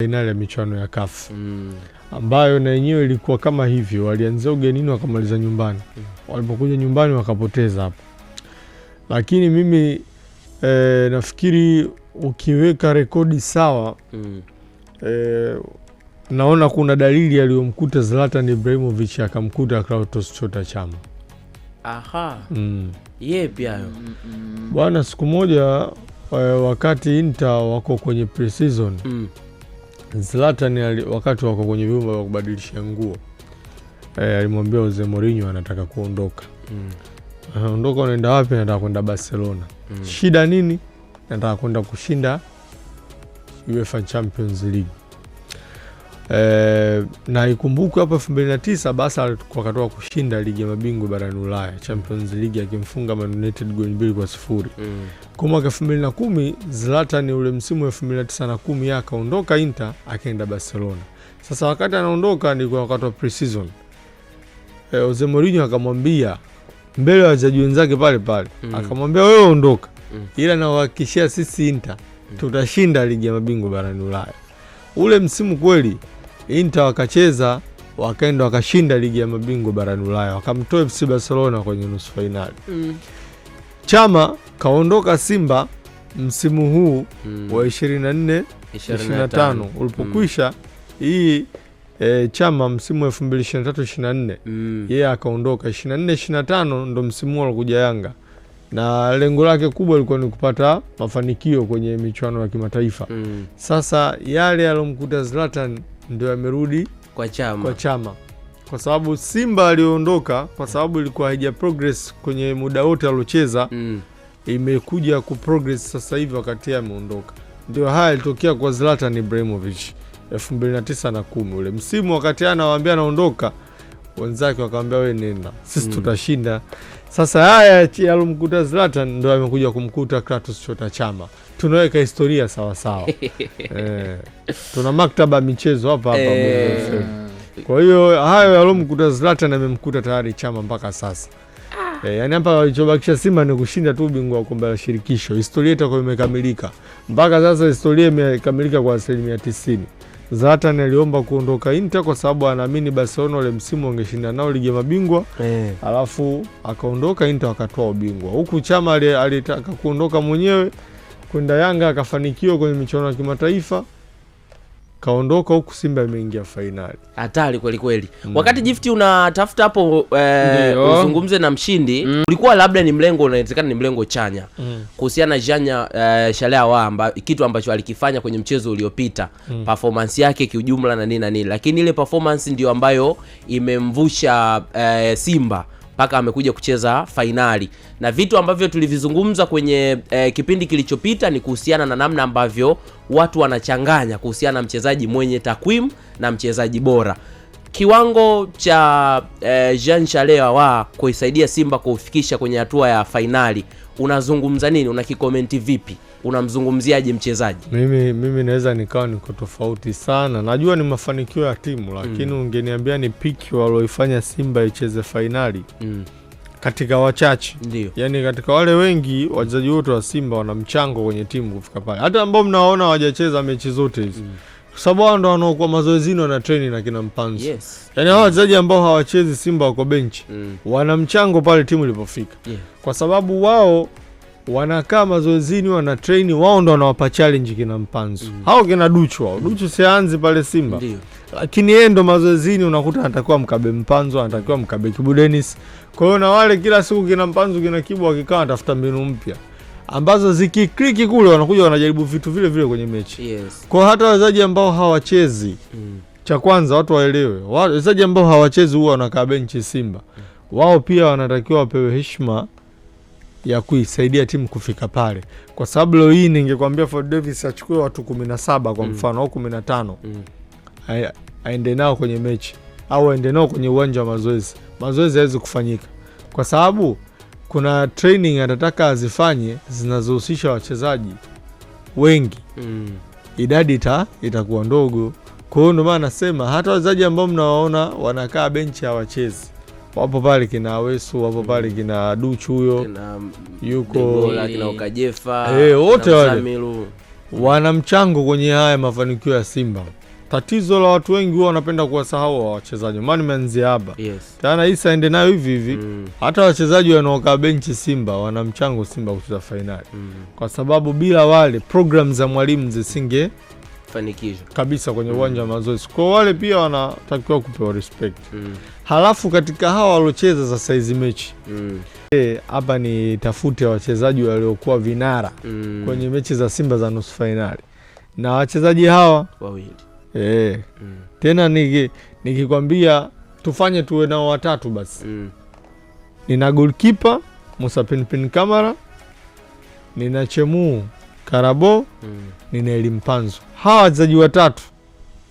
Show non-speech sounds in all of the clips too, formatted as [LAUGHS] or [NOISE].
fainali ya michuano ya CAF mm. ambayo na yenyewe ilikuwa kama hivyo, walianzia ugenini wakamaliza nyumbani mm. walipokuja nyumbani wakapoteza hapo, lakini mimi e, nafikiri ukiweka rekodi sawa mm. e, naona kuna dalili aliyomkuta Zlatan Ibrahimovic akamkuta Klaus Chama. Aha. Mm. Yeah, mm, mm -mm. Bwana, siku moja eh, wakati Inter wako kwenye pre-season mm. Zlatan wakati wako kwenye vyumba vya kubadilisha nguo e, alimwambia Jose Mourinho anataka kuondoka. mm. Eh, ondoka, unaenda wapi? Nataka kwenda Barcelona. mm. Shida nini? Nataka kwenda kushinda UEFA Champions League. E, na ikumbukwe hapo 2009 Basel wakatoka kushinda ligi ya mabingwa barani Ulaya Champions League akimfunga Man United goli mbili kwa sifuri. Mm. Kwa mwaka 2010 Zlatan ule msimu wa 2009 na 10 yeye akaondoka Inter akaenda Barcelona. Sasa wakati anaondoka ni kwa wakati wa pre-season. E, Jose Mourinho akamwambia mbele ya wachezaji wenzake pale pale, mm. akamwambia wewe ondoka. Mm. Ila nawahakikishia sisi Inter mm. tutashinda ligi ya mabingwa barani Ulaya. Ule msimu kweli Inter wakacheza wakaenda wakashinda ligi ya mabingwa barani Ulaya, wakamtoa FC Barcelona kwenye nusu fainali mm. Chama kaondoka Simba msimu huu mm. wa 24 25 ulipokwisha mm. hii E, Chama msimu wa 2023 24 mm. yeye akaondoka 24 25 ndo msimu alikuja Yanga na lengo lake kubwa ilikuwa ni kupata mafanikio kwenye michuano ya kimataifa mm. Sasa yale alomkuta Zlatan ndio amerudi kwa chama, kwa chama kwa sababu Simba aliondoka kwa sababu ilikuwa haija progress kwenye muda wote aliocheza mm. Imekuja ku progress sasa hivi wakati ameondoka. Ndio haya ilitokea kwa Zlatan Ibrahimovic 2009 na 10 ule msimu wakati anawaambia anaondoka wenzake wakawambia we nenda, sisi mm. tutashinda. Sasa haya yalomkuta Zlatan ndo amekuja kumkuta Kratos Chota Chama. Tunaweka historia sawasawa. [LAUGHS] E, eh, tuna maktaba michezo hapa hapa e. Kwa hiyo hayo yalomkuta Zlatan amemkuta tayari Chama mpaka sasa. Ah. E, eh, yani hapa walichobakisha Simba ni kushinda tu ubingwa wa kombe la shirikisho. Historia itakuwa imekamilika mpaka sasa, historia imekamilika kwa asilimia tisini. Zlatan aliomba kuondoka Inter kwa sababu anaamini Barcelona ule msimu wangeshinda nao ligi ya mabingwa eh. Alafu akaondoka Inter wakatoa ubingwa, huku Chama alitaka kuondoka mwenyewe kwenda Yanga akafanikiwa kwenye michuano ya kimataifa kaondoka huku Simba imeingia fainali, hatari kweli kweli. mm. Wakati jifti unatafuta hapo e, uzungumze na mshindi mm. ulikuwa labda ni mlengo unawezekana ni mlengo chanya mm. kuhusiana na janya e, Shalea wa amba, kitu ambacho alikifanya kwenye mchezo uliopita mm. performance yake kiujumla na nini na nini, lakini ile performance ndio ambayo imemvusha e, Simba mpaka amekuja kucheza fainali, na vitu ambavyo tulivizungumza kwenye e, kipindi kilichopita ni kuhusiana na namna ambavyo watu wanachanganya kuhusiana na mchezaji mwenye takwimu na mchezaji bora. Kiwango cha e, Jean chalewa wa kuisaidia Simba kufikisha kwenye hatua ya fainali, unazungumza nini? Unakikomenti vipi? unamzungumziaje mchezaji? Mimi, mimi naweza nikawa niko tofauti sana. Najua ni mafanikio ya timu lakini mm. ungeniambia ni piki walioifanya Simba icheze fainali mm. katika wachache ndio, yani katika wale wengi wachezaji wote wa Simba wana mchango kwenye timu kufika pale, hata ambao mnaona wajacheza mechi zote hizi mm kwa sababu hao ndo wanaokuwa mazoezini wana treni na kina Mpanzu yes. Yani hao wachezaji ambao hawachezi Simba wako benchi mm. wana mchango pale timu ilipofika yeah. kwa sababu wao wanakaa mazoezini, wana train wao, ndo wanawapa challenge kina Mpanzu mm. hao kina Duchu wao. Duchu sianzi pale Simba Ndiyo. lakini yeye ndo mazoezini, unakuta anatakiwa mkabe Mpanzu, anatakiwa mkabe Kibu Dennis. Kwa hiyo na wale kila siku kina Mpanzu kina Kibu wakikaa wanatafuta mbinu mpya ambazo zikikliki kule wanakuja wanajaribu vitu vile vile kwenye mechi yes. Kwa hata wachezaji ambao hawachezi mm. cha kwanza watu waelewe, wachezaji ambao hawachezi huwa wanakaa benchi Simba mm. wao pia wanatakiwa wapewe heshima ya kuisaidia timu kufika pale, kwa sababu leo hii ningekwambia Ford Davis achukue watu kumi na saba kwa mm. mfano au mm. kumi na tano mm. aende nao kwenye mechi au aende nao kwenye uwanja wa mazoezi, mazoezi hawezi kufanyika kwa sababu kuna training anataka azifanye zinazohusisha wachezaji wengi mm. idadi ita, itakuwa ndogo. Kwa hiyo ndio maana nasema hata wachezaji ambao mnawaona wanakaa benchi hawachezi wapo pale kina Wesu wapo mm. pale kina Duchu huyo mm, yuko kina Ukajefa eh, wote wale wana mchango kwenye haya mafanikio ya Simba. Tatizo la watu wengi huwa wanapenda kuwasahau wa wachezaji, maana nimeanzia hapa yes. Tena hii saende nayo hivi hivi mm. Hata wachezaji wanaokaa benchi Simba wana mchango Simba kucheza fainali mm. Kwa sababu bila wale program za mwalimu zisinge mafanikisho kabisa kwenye mm. uwanja mm. wa mazoezi. Kwa wale pia wanatakiwa kupewa respect mm. halafu katika hawa waliocheza sasa hizi mechi mm. E, hapa mm. ni tafute wachezaji waliokuwa vinara mm. kwenye mechi za Simba za nusu fainali na wachezaji hawa wawili e. mm. tena nikikwambia niki tufanye tuwe nao watatu basi mm. nina golkipa Musa Pinpin Kamara, nina Chemuu Karabo mm. ni neli mpanzo Hawa wachezaji watatu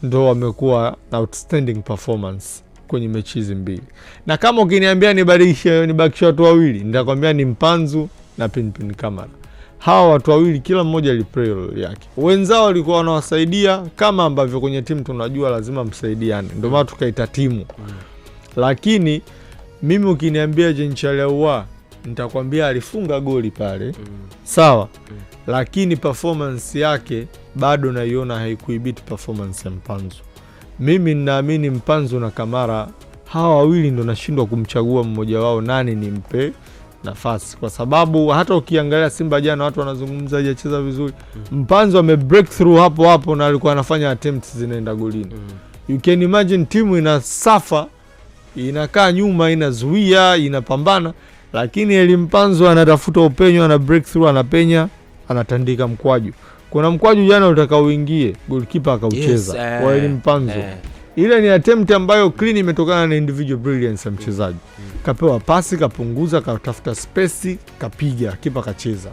ndo wamekuwa outstanding performance kwenye mechi hizi mbili, na kama ukiniambia nibadilishe nibakishe watu wawili, nitakwambia ni Mpanzu na Pinpin Kamara. Hawa watu wawili kila mmoja aliplay role yake, wenzao walikuwa wanawasaidia, kama ambavyo kwenye timu tunajua lazima msaidiane, ndio maana tukaita timu mm. Lakini mimi ukiniambia Jean nitakwambia alifunga goli pale mm. sawa mm lakini performance yake bado naiona haikuibiti performance ya Mpanzu. Mimi ninaamini Mpanzu na Kamara hawa wawili ndo nashindwa kumchagua mmoja wao nani nimpe nafasi, kwa sababu hata ukiangalia Simba jana watu wanazungumza hajacheza vizuri. Mm. Mpanzu ame breakthrough hapo hapo na alikuwa anafanya attempts zinaenda golini. Mm. You can imagine timu ina safa inakaa nyuma inazuia inapambana, lakini Elimpanzu anatafuta upenyo, ana breakthrough, anapenya anatandika mkwaju. Kuna mkwaju jana utaka uingie, golkipa akaucheza yes, uh, eh, waeli mpanzo Mpanzu uh, eh. ile ni attempt ambayo clean imetokana na individual brilliance ya mchezaji. Kapewa pasi, kapunguza, katafuta space, kapiga, kipa kacheza.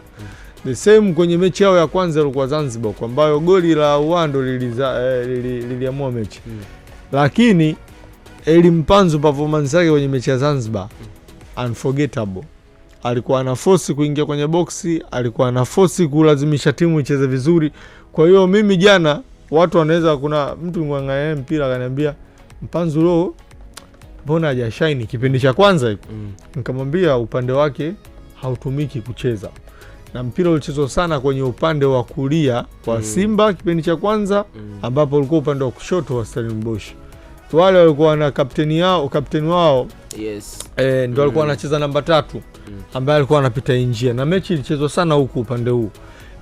The same kwenye mechi yao ya kwanza ilikuwa Zanzibar, kwa ambayo goli la Uwando liliamua eh, lili, lili mechi mm. Lakini Elie Mpanzu performance yake kwenye mechi ya Zanzibar unforgettable alikuwa ana fosi kuingia kwenye boksi, alikuwa ana fosi kulazimisha timu icheze vizuri. Kwa hiyo mimi jana, watu wanaweza, kuna mtu ng'ang'ania mpira akaniambia Mpanzu lo, mbona hajashaini kipindi cha kwanza hiko? mm. Nikamwambia upande wake hautumiki kucheza na mpira ulichezwa sana kwenye upande wa kulia wa mm. Simba kipindi cha kwanza mm. ambapo ulikuwa upande wa kushoto wa Stellenbosch wale walikuwa na kapteni yao kapteni wao yes. E, eh, ndo alikuwa mm. anacheza namba tatu mm. ambaye alikuwa anapita injia na mechi ilichezwa sana huku upande huu,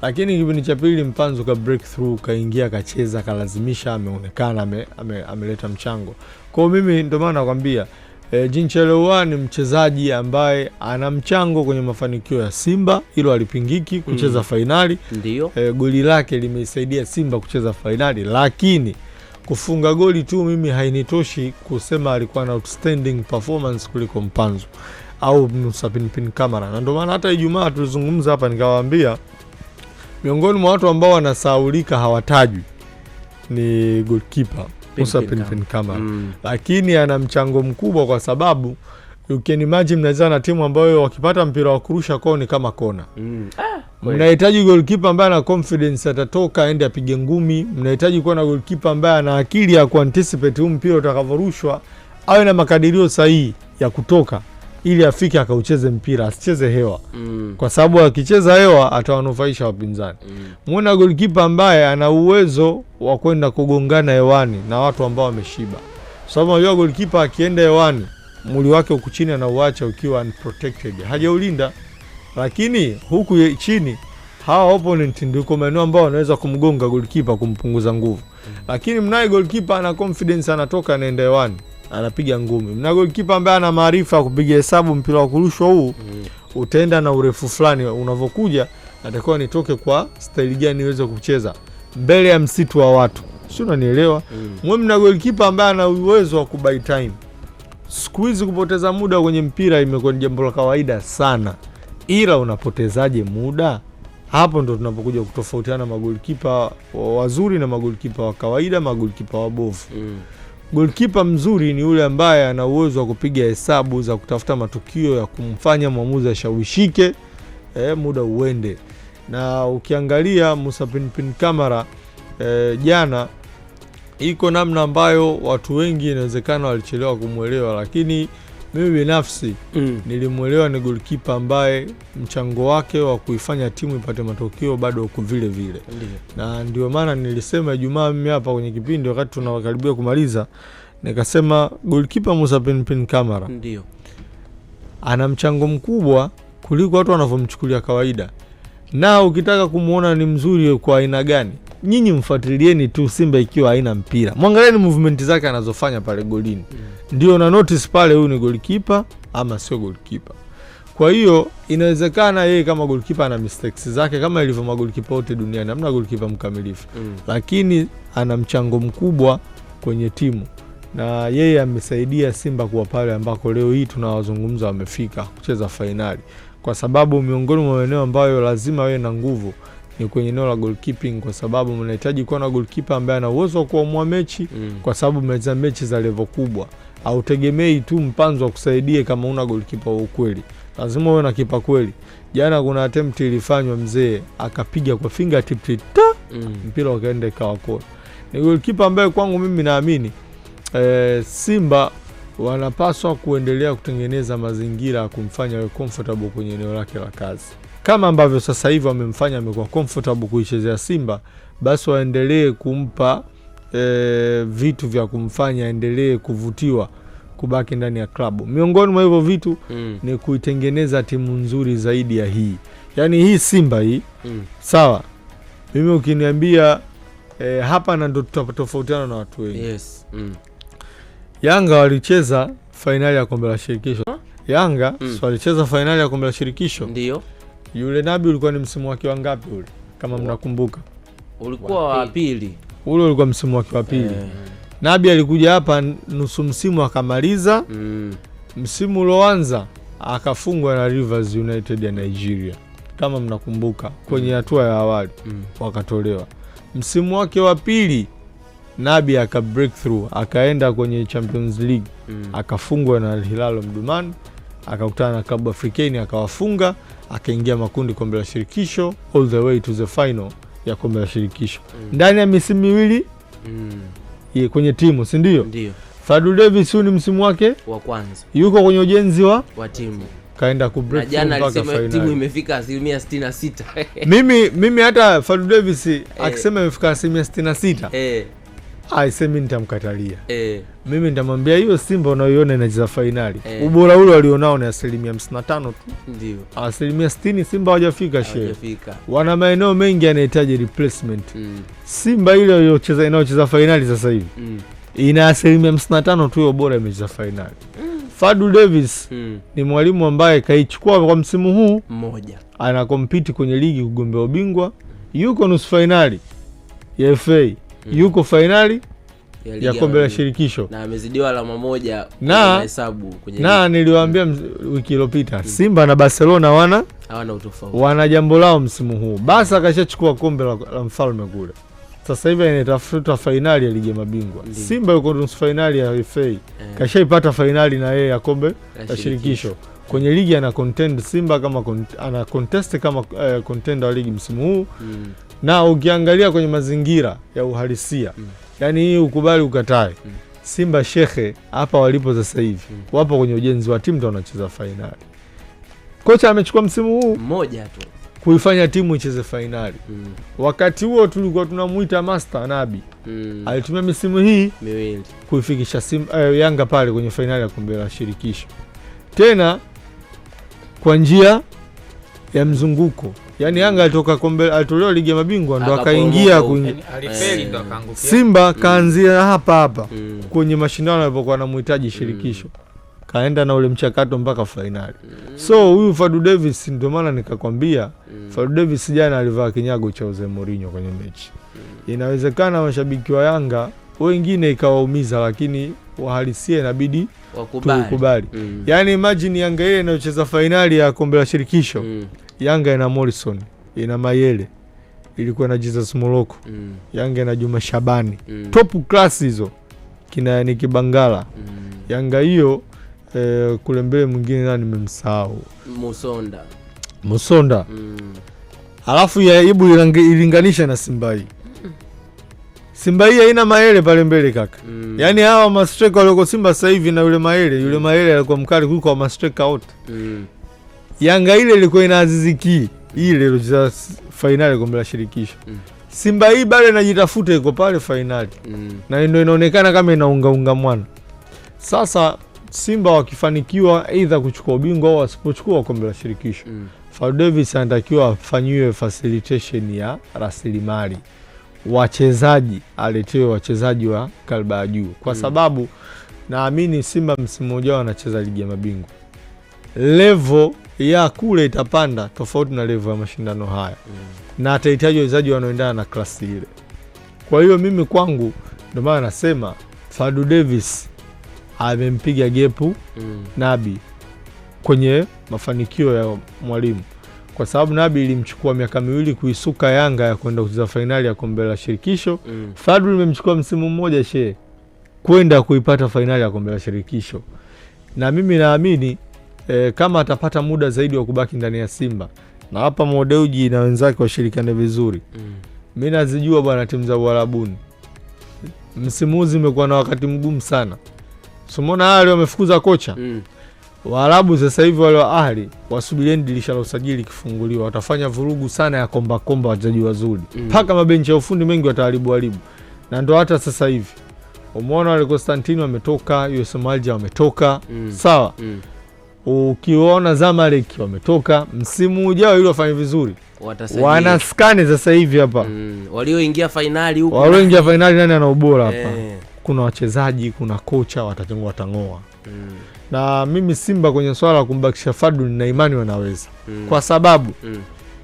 lakini kipindi cha pili mpanzo ka breakthrough kaingia kacheza kalazimisha, ameonekana ameleta ame, ame mchango kwao. Mimi ndio maana nakwambia e, eh, Jinchelewa ni mchezaji ambaye ana mchango kwenye mafanikio ya Simba, hilo alipingiki kucheza mm. fainali. E, eh, goli lake limeisaidia Simba kucheza fainali lakini kufunga goli tu mimi hainitoshi kusema alikuwa na outstanding performance kuliko mpanzo au Musa Pinpin Kamara, na ndio maana hata Ijumaa tulizungumza hapa nikawaambia miongoni mwa watu ambao wanasaulika hawatajwi ni goalkeeper Musa Pinpin Kamara mm. Lakini ana mchango mkubwa kwa sababu you can imagine mnaweza na timu ambayo wakipata mpira wa kurusha kwao ni kama kona mm. Ah, Mnahitaji golkipa ambaye ana confidence atatoka aende apige ngumi. Mnahitaji kuwa na golkipa ambaye ana akili ya kuanticipate huu mpira utakavorushwa awe na makadirio sahihi ya kutoka ili afike akaucheze mpira, asicheze hewa mm. kwa sababu akicheza hewa atawanufaisha wapinzani mm. golkipa ambaye ana uwezo wa kwenda kugongana hewani na watu ambao wameshiba, kwa sababu unajua golkipa akienda hewani mwili wake huku chini anauacha ukiwa unprotected, hajaulinda lakini huku chini hawa opponent ndiko maeneo ambao wanaweza kumgonga golkipa kumpunguza nguvu. Mm -hmm. Lakini mnaye golkipa ana confidence, anatoka anaenda hewani, anapiga ngumi. Mna golkipa ambaye ana maarifa ya kupiga hesabu mpira wa kurushwa huu, mm -hmm. utaenda na urefu fulani unavyokuja, natakiwa nitoke kwa staili gani niweze kucheza mbele ya msitu wa watu, si unanielewa? Mm -hmm. Mwe mna goalkeeper ambaye ana uwezo wa kubai time. Siku hizi kupoteza muda kwenye mpira imekuwa ni jambo la kawaida sana ila unapotezaje muda? Hapo ndo tunapokuja kutofautiana magolikipa wazuri na magolikipa wa kawaida, magolikipa wabovu mm. Golkipa mzuri ni yule ambaye ana uwezo wa kupiga hesabu za kutafuta matukio ya kumfanya mwamuzi ashawishike, e, muda uende. Na ukiangalia Musa Pinpin kamera e, eh, jana iko namna ambayo watu wengi inawezekana walichelewa kumwelewa, lakini mimi binafsi mm. nilimwelewa ni golkipa ambaye mchango wake wa kuifanya timu ipate matokeo bado uko vile vile, na ndio maana nilisema Ijumaa mimi hapa kwenye kipindi, wakati tunakaribia kumaliza, nikasema golkipa Musa Pinpin Kamara ndio ana mchango mkubwa kuliko watu wanavyomchukulia kawaida, na ukitaka kumwona ni mzuri kwa aina gani nyinyi mfuatilieni tu Simba ikiwa haina mpira, mwangalieni movement zake anazofanya pale golini. mm ndio na notice pale, huyu ni goalkeeper ama sio goalkeeper. Kwa hiyo inawezekana yeye kama goalkeeper ana mistakes zake kama ilivyo magolikipa wote duniani, hamna goalkeeper mkamilifu mm. Lakini ana mchango mkubwa kwenye timu na yeye amesaidia Simba kuwa pale ambako leo hii tunawazungumza wamefika kucheza fainali, kwa sababu miongoni mwa maeneo ambayo lazima awe na nguvu ni kwenye eneo la goalkeeping, kwa sababu mnahitaji kuwa na goalkeeper ambaye ana uwezo wa kuamua mechi mm. kwa sababu mmecheza mechi za levo kubwa hautegemei tu mpanzo akusaidie kama una golikipa wa ukweli, lazima uwe na kipa kweli. Jana kuna attempt ilifanywa, mzee akapiga kwa fingertip ta mm. mpira ukaenda ikawa goal. Ni golikipa ambaye kwangu mimi naamini e, Simba wanapaswa kuendelea kutengeneza mazingira ya kumfanya awe comfortable kwenye eneo lake la kazi, kama ambavyo sasa hivi wamemfanya amekuwa comfortable kuichezea Simba, basi waendelee kumpa e, vitu vya kumfanya aendelee kuvutiwa kubaki ndani ya klabu. Miongoni mwa hivyo vitu mm. ni kuitengeneza timu nzuri zaidi ya hii, yaani hii Simba hii mm. sawa, mimi ukiniambia e, hapa na ndo tutatofautiana na watu wengi yes. mm. Yanga walicheza fainali ya kombe la shirikisho huh? Yanga mm. so walicheza fainali ya kombe la shirikisho ndio yule Nabi, ulikuwa ni msimu wake wangapi ule, kama mnakumbuka? Ulikuwa wa pili ule ulikuwa msimu wake wa pili yeah. Nabi alikuja hapa nusu msimu akamaliza mm. Msimu ulioanza akafungwa na Rivers United ya Nigeria kama mnakumbuka, kwenye hatua ya awali mm. wakatolewa. Msimu wake wa pili Nabi aka breakthrough akaenda kwenye Champions League mm. akafungwa na Hilal mduman akakutana na klabu Afrikeni akawafunga, akaingia makundi kombe la shirikisho all the way to the final ya kombe la shirikisho mm. ndani ya misimu miwili mm. kwenye timu si ndio? Fadlu Davis huu ni msimu wake wa kwanza, yuko kwenye ujenzi wa wa timu kaenda ku Timu imefika asilimia 66. mimi mimi hata Fadlu Davis [LAUGHS] eh. akisema imefika asilimia 66 eh aisemi nitamkatalia e. Mimi nitamwambia hiyo Simba unayoiona inacheza fainali e. Eh. Ubora ule walionao ni asilimia hamsini tu ndio, asilimia 60 Simba hawajafika shehe, wana maeneo mengi yanahitaji replacement mm. Simba ile iliyocheza inayocheza fainali sasa hivi mm. ina asilimia 55 tu ya ubora imecheza fainali mm. Fadu Davis mm. ni mwalimu ambaye kaichukua kwa msimu huu mmoja, anakompiti kwenye ligi kugombea ubingwa, yuko nusu fainali ya FA mm. yuko fainali ya, ya kombe la shirikisho na amezidiwa alama moja na hesabu kwenye na niliwaambia wiki iliyopita, mm. Simba na Barcelona wana hawana utofauti, wana jambo lao msimu huu. Basi akashachukua kombe la, la mfalme kule, sasa hivi anatafuta fainali ya ligi ya mabingwa. Simba yuko nusu fainali ya FA eh, kashaipata fainali na yeye ya kombe la shirikisho kwenye ligi ana contend Simba kama ana contest kama uh, contender wa ligi msimu huu mm na ukiangalia kwenye mazingira ya uhalisia mm. yani hii ukubali ukatae mm. Simba shekhe hapa walipo sasa hivi mm. wapo kwenye ujenzi wa timu, wanacheza fainali. Kocha amechukua msimu huu mmoja tu kuifanya timu icheze fainali mm. wakati huo tulikuwa tunamwita Master Nabi mm. alitumia misimu hii miwili kuifikisha uh, Yanga pale kwenye fainali ya kombe la shirikisho tena kwa njia ya mzunguko Yaani Yanga alitoka kombe alitolewa ligi ya mabingwa ndo akaingia yaani eh. Simba, kaanzia hapa hapa mm. kwenye mashindano alipokuwa anamhitaji mm. shirikisho mm. kaenda na ule mchakato mpaka fainali mm. so huyu Fadu Davis ndio maana nikakwambia mm. Fadu Davis jana alivaa kinyago cha Jose Mourinho kwenye mechi mm. inawezekana mashabiki wa Yanga wengine ikawaumiza, lakini wahalisia inabidi tukubali mm. yaani imagine Yanga ile inayocheza fainali ya kombe la shirikisho mm. Yanga ina Morrison, ina Mayele, ilikuwa na Jesus Moloko mm. Yanga ina Juma Shabani mm. top class hizo kina ni Kibangala mm. Yanga hiyo e, kule mbele mwingine nani nimemsahau, Musonda Musonda mm. alafu yaibu ilinganisha na Simba hii Simba hii haina Maele pale mbele kaka mm. Yaani hawa mastreka walioko Simba sasa hivi na yule Maele, yule mm. Maele alikuwa mkali kuliko wa mastreka wote mm. Yanga ile ilikuwa ina Aziz ile ilicheza fainali kombe la shirikisho mm. Simba hii bado inajitafuta iko pale fainali mm. na ndio inaonekana kama inaungaunga mwana. Sasa Simba wakifanikiwa aidha kuchukua ubingwa au wasipochukua kombe la shirikisho mm. Fadlu Davis anatakiwa afanyiwe facilitation ya rasilimali wachezaji, aletewe wachezaji wa kalba ya juu kwa mm. sababu naamini Simba msimu ujao wanacheza ligi ya mabingwa level ya kule itapanda tofauti na levu ya mashindano haya mm. na atahitaji wachezaji wanaoendana na klasi ile. Kwa hiyo mimi kwangu, ndio maana nasema Fadu Davis amempiga gepu mm. Nabi kwenye mafanikio ya mwalimu, kwa sababu Nabi ilimchukua miaka miwili kuisuka Yanga ya kwenda kucheza fainali ya kombe la shirikisho mm. Fadu limemchukua msimu mmoja shee kwenda kuipata fainali ya kombe la shirikisho, na mimi naamini e, kama atapata muda zaidi wa kubaki ndani ya Simba na hapa Modeuji na wenzake washirikiane vizuri mm. Mi nazijua bwana timu za Uarabuni, msimu huu zimekuwa na wakati mgumu sana. Sumona hali wamefukuza kocha mm. Waarabu sasa hivi wale wa Ahli wasubirieni dirisha la usajili kifunguliwa, watafanya vurugu sana ya kombakomba wachezaji wazuri mm. mpaka mm. mabenchi ya ufundi mengi wataharibu haribu, na ndo hata sasa hivi umeona wale Konstantino wametoka, Yosemalja wametoka mm. sawa mm ukiwaona Zamalek wametoka msimu ujao ili wafanye vizuri, wanaskani sasa hivi hapa mm. walioingia fainali huko, walioingia fainali nani ana ubora hapa eh. kuna wachezaji, kuna kocha watachangu, watang'oa mm. na mimi Simba kwenye swala la kumbakisha fadu nina imani wanaweza mm. kwa sababu mm.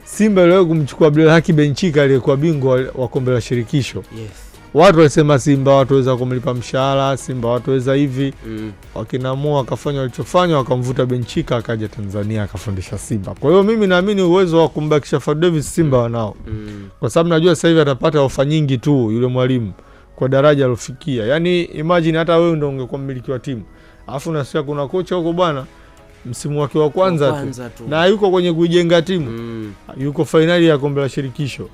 Simba iliwahi kumchukua Abdulhaki Benchika aliyekuwa bingwa wa kombe la shirikisho yes watu walisema Simba watuweza kumlipa mshahara, Simba watuweza hivi mm. Wakinamua wakafanya walichofanya, wakamvuta Benchika akaja Tanzania akafundisha Simba. Kwa hiyo mimi naamini uwezo wa kumbakisha Fadu Davis Simba mm. wanao mm. kwa sababu najua sasa hivi atapata ofa nyingi tu yule mwalimu kwa daraja alofikia. Yani imajini hata wewe ndo ungekuwa mmiliki wa timu alafu nasikia kuna kocha huko bwana msimu wake wa kwanza, kwanza tu. tu na yuko kwenye kuijenga timu mm. yuko fainali ya kombe la shirikisho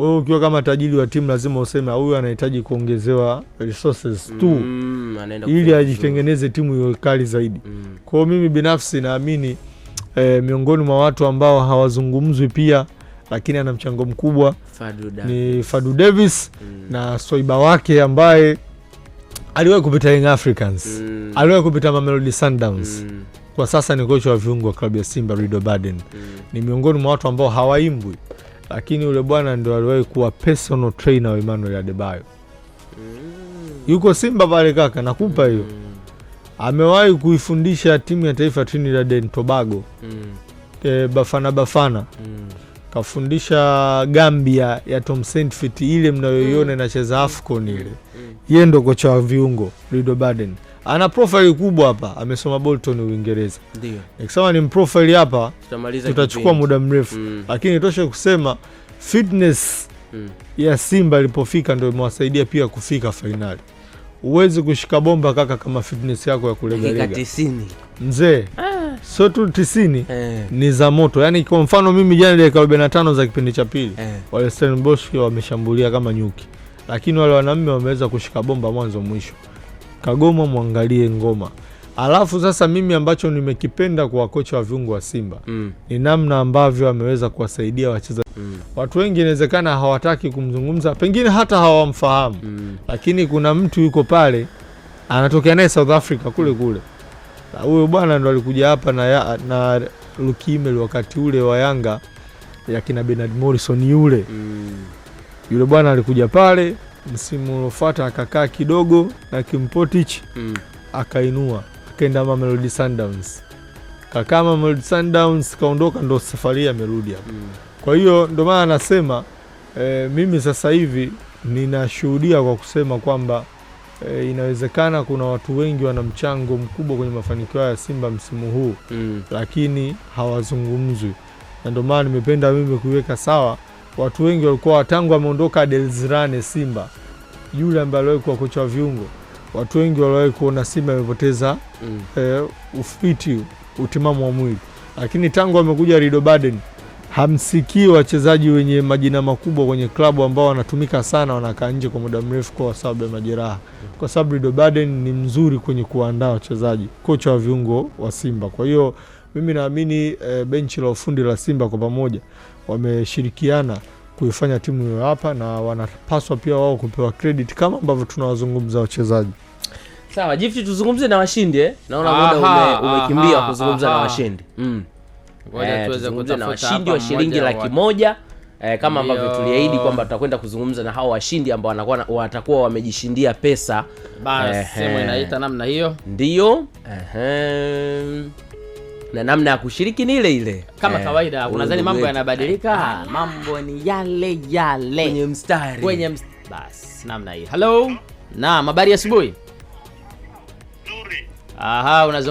wewe ukiwa kama tajiri wa timu lazima useme huyu anahitaji kuongezewa resources tu mm, ili ajitengeneze timu iwe kali zaidi mm. kwao mimi binafsi naamini e, miongoni mwa watu ambao hawazungumzwi pia lakini ana mchango mkubwa Fadu ni Fadu Davis mm. na soiba wake ambaye aliwahi kupita Young Africans mm. aliwahi kupita Mamelodi Sundowns mm. kwa sasa ni kocha wa viungo wa klabu ya Simba Rido Baden mm. ni miongoni mwa watu ambao hawaimbwi lakini yule bwana ndo aliwahi kuwa personal trainer wa Emmanuel Adebayo. Mm. Yuko Simba pale kaka, nakupa hiyo. Mm. Amewahi kuifundisha timu ya taifa Trinidad and Tobago e, Bafana Bafana kafundisha Gambia ya Tom Saintfiet ile mnayoiona inacheza AFCON ile, yeye ndo kocha wa viungo Rido Baden ana profile kubwa hapa, amesoma Bolton Uingereza. Ndio. Nikisema ni profile hapa tutachukua muda mrefu mm. Lakini toshe kusema fitness mm. ya Simba ilipofika ndio imewasaidia pia kufika fainali. Huwezi kushika bomba kaka kama fitness yako ya kulegalega mzee ah. Sio tu tisini eh. Ni za moto yaani, kwa mfano mimi jana dakika arobaini za kipindi cha pili eh. Wale Stellenbosch wameshambulia kama nyuki, lakini wale wanaume wameweza kushika bomba mwanzo mwisho. Kagoma mwangalie ngoma. Alafu sasa mimi ambacho nimekipenda kwa kocha wa viungo wa Simba mm. ni namna ambavyo ameweza kuwasaidia wacheza mm. Watu wengi inawezekana hawataki kumzungumza, pengine hata hawamfahamu mm. Lakini kuna mtu yuko pale anatokea naye South Africa kule kule, huyo bwana ndo alikuja hapa na, ya, na Lukimel wakati ule wa Yanga ya kina Bernard Morrison yule mm. Yule bwana alikuja pale msimu uliofuata akakaa kidogo na Kimpotich mm. akainua akaenda Mamelodi Sundowns, kakaa Mamelodi Sundowns kaondoka, ndo safari amerudi hapa mm. kwa hiyo ndo maana anasema e, eh, mimi sasa hivi ninashuhudia kwa kusema kwamba e, inawezekana kuna watu wengi wana mchango mkubwa kwenye mafanikio ya Simba msimu huu mm. lakini hawazungumzwi, na ndo maana nimependa mimi kuiweka sawa watu wengi walikuwa tangu ameondoka Delzirane Simba yule ambaye aliwahi kuwa kocha wa viungo, watu wengi waliwahi kuona Simba imepoteza mm. eh, ufiti utimamu wa mwili, lakini tangu amekuja Rido Baden hamsikii wachezaji wenye majina makubwa kwenye klabu ambao wanatumika sana wanakaa nje kwa muda mrefu kwa sababu ya majeraha, kwa sababu Rido Baden ni mzuri kwenye kuandaa wachezaji, kocha wa viungo wa Simba. Kwa hiyo mimi naamini e, benchi la ufundi la Simba kwa pamoja wameshirikiana kuifanya timu hiyo hapa, na wanapaswa pia wao kupewa credit kama ambavyo tunawazungumza wachezaji. Sawa Jifti, tuzungumze na washindi eh? Naona muda umekimbia ume kuzungumza na washindi mm. E, tuzungumze na washindi wa shilingi laki moja e, kama ambavyo tuliahidi kwamba tutakwenda kuzungumza na hao washindi ambao wanakuwa watakuwa wamejishindia pesa. Basi sema inaita namna hiyo, ndio na namna ya kushiriki ni ile ile kama eh, kawaida. Unadhani mambo yanabadilika? Ah, mambo ni yale yale kwenye mstari, kwenye mstari bas namna hii. Hello, naam, habari asubuhi. Aha, unazungumza